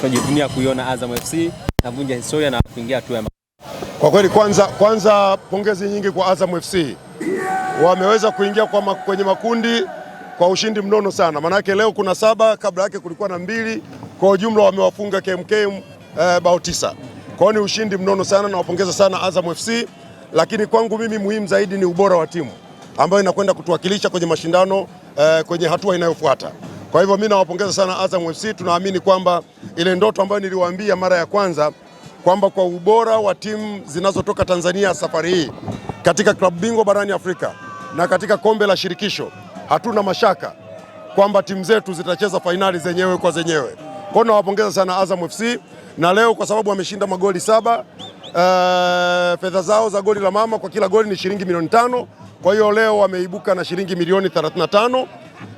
tunajivunia kuiona Azam FC navunja historia na kuingia hatua. Kwa kweli, kwanza kwanza pongezi nyingi kwa Azam FC, wameweza kuingia kwa kwenye makundi kwa ushindi mnono sana, maanake leo kuna saba, kabla yake kulikuwa na mbili, kwa ujumla wamewafunga KMK eh, bao tisa. Kwa hiyo ni ushindi mnono sana, nawapongeza sana Azam FC, lakini kwangu mimi muhimu zaidi ni ubora wa timu ambayo inakwenda kutuwakilisha kwenye mashindano eh, kwenye hatua inayofuata. Kwa hivyo mimi nawapongeza sana Azam FC. Tunaamini kwamba ile ndoto ambayo niliwaambia mara ya kwanza kwamba kwa ubora wa timu zinazotoka Tanzania safari hii katika klabu bingwa barani Afrika na katika kombe la shirikisho, hatuna mashaka kwamba timu zetu zitacheza fainali zenyewe kwa zenyewe. Kwa hiyo nawapongeza sana Azam FC, na leo kwa sababu wameshinda magoli saba, uh, fedha zao za goli la mama kwa kila goli ni shilingi milioni tano. Kwa hiyo leo wameibuka na shilingi milioni 35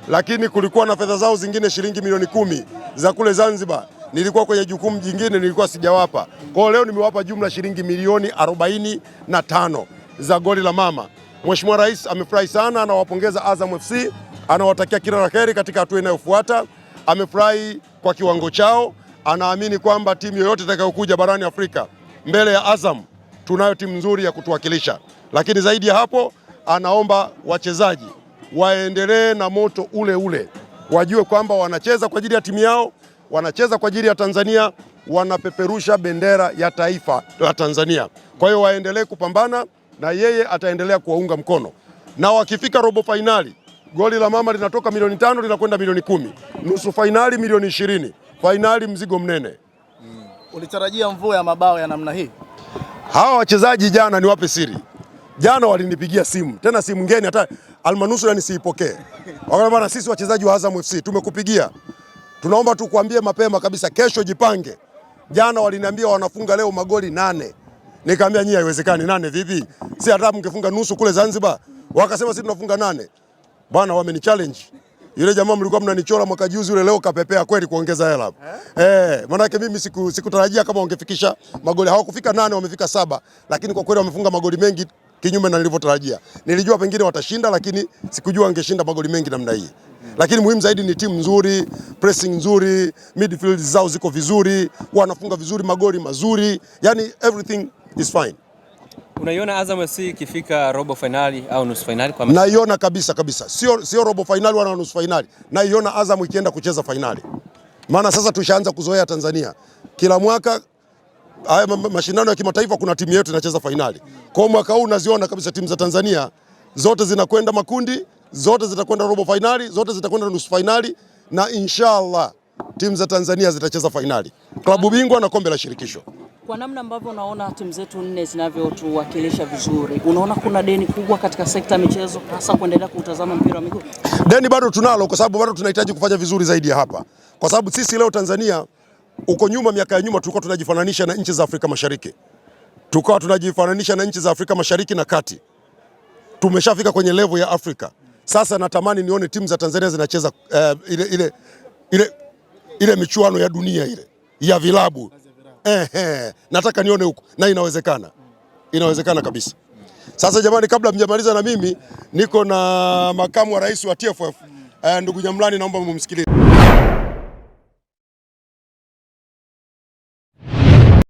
lakini kulikuwa na fedha zao zingine shilingi milioni kumi za kule Zanzibar, nilikuwa kwenye jukumu jingine, nilikuwa sijawapa. Kwa leo nimewapa jumla shilingi milioni arobaini na tano za goli la mama. Mheshimiwa Rais amefurahi sana, anawapongeza Azam FC, anawatakia kila la heri katika hatua inayofuata. Amefurahi kwa kiwango chao, anaamini kwamba timu yoyote itakayokuja barani Afrika mbele ya Azam tunayo timu nzuri ya kutuwakilisha, lakini zaidi ya hapo anaomba wachezaji waendelee na moto ule ule, wajue kwamba wanacheza kwa ajili ya timu yao, wanacheza kwa ajili ya Tanzania, wanapeperusha bendera ya taifa la Tanzania. Kwa hiyo waendelee kupambana na yeye ataendelea kuwaunga mkono, na wakifika robo fainali goli la mama linatoka milioni tano linakwenda milioni kumi, nusu fainali milioni ishirini, fainali mzigo mnene. Mm. Ulitarajia mvua ya mabao ya namna hii? Hawa wachezaji jana, niwape siri, jana walinipigia simu, tena simu ngeni hata Almanusura nisiipokee. Wakaona bwana, sisi wachezaji wa Azam FC tumekupigia, tunaomba tukuambie mapema kabisa, kesho jipange. Jana waliniambia wanafunga leo magoli nane, nikamwambia nyie, haiwezekani. Nane vipi? si hata mngefunga nusu kule Zanzibar. Wakasema sisi tunafunga nane. Bwana, challenge yule jamaa mlikuwa mnanichora mwaka juzi yule, leo kapepea kweli kuongeza hela eh? Eh, maana yake mimi sikutarajia siku kama wangefikisha magoli. Hawakufika nane, wamefika saba, lakini kwa kweli wamefunga magoli mengi kinyume na nilivyotarajia. Nilijua pengine watashinda, lakini sikujua angeshinda magoli mengi namna hii. Lakini muhimu zaidi ni timu nzuri, pressing nzuri, midfield zao ziko vizuri, wanafunga vizuri magoli mazuri, yani everything is fine. Unaiona Azam FC ikifika robo finali au nusu finali kwa maana? Naiona kabisa kabisa. Sio sio robo finali wala nusu finali. Naiona Azam ikienda kucheza finali. Maana sasa tushaanza kuzoea Tanzania. Kila mwaka haya mashindano ya kimataifa kuna timu yetu inacheza fainali. Kwa mwaka huu unaziona kabisa timu za Tanzania zote zinakwenda makundi, zote zitakwenda robo fainali, zote zitakwenda nusu fainali na inshallah timu za Tanzania zitacheza fainali, klabu bingwa na kombe la shirikisho. Kwa namna ambavyo unaona timu zetu nne zinavyotuwakilisha vizuri, unaona kuna deni kubwa katika sekta ya michezo, hasa kuendelea kutazama mpira wa miguu? Deni bado tunalo, kwa sababu bado tunahitaji kufanya vizuri zaidi ya hapa, kwa sababu sisi leo Tanzania uko nyuma, miaka ya nyuma, tulikuwa tunajifananisha na nchi za Afrika Mashariki, tukawa tunajifananisha na nchi za Afrika Mashariki na Kati. Tumeshafika kwenye level ya Afrika sasa. Natamani nione timu za Tanzania zinacheza uh, ile, ile, ile, ile michuano ya dunia ile ya vilabu eh, eh, nataka nione huko na inawezekana, inawezekana kabisa. Sasa jamani, kabla mjamaliza na mimi niko na makamu wa rais wa TFF uh, eh, ndugu Nyamlani, naomba mumsikilize.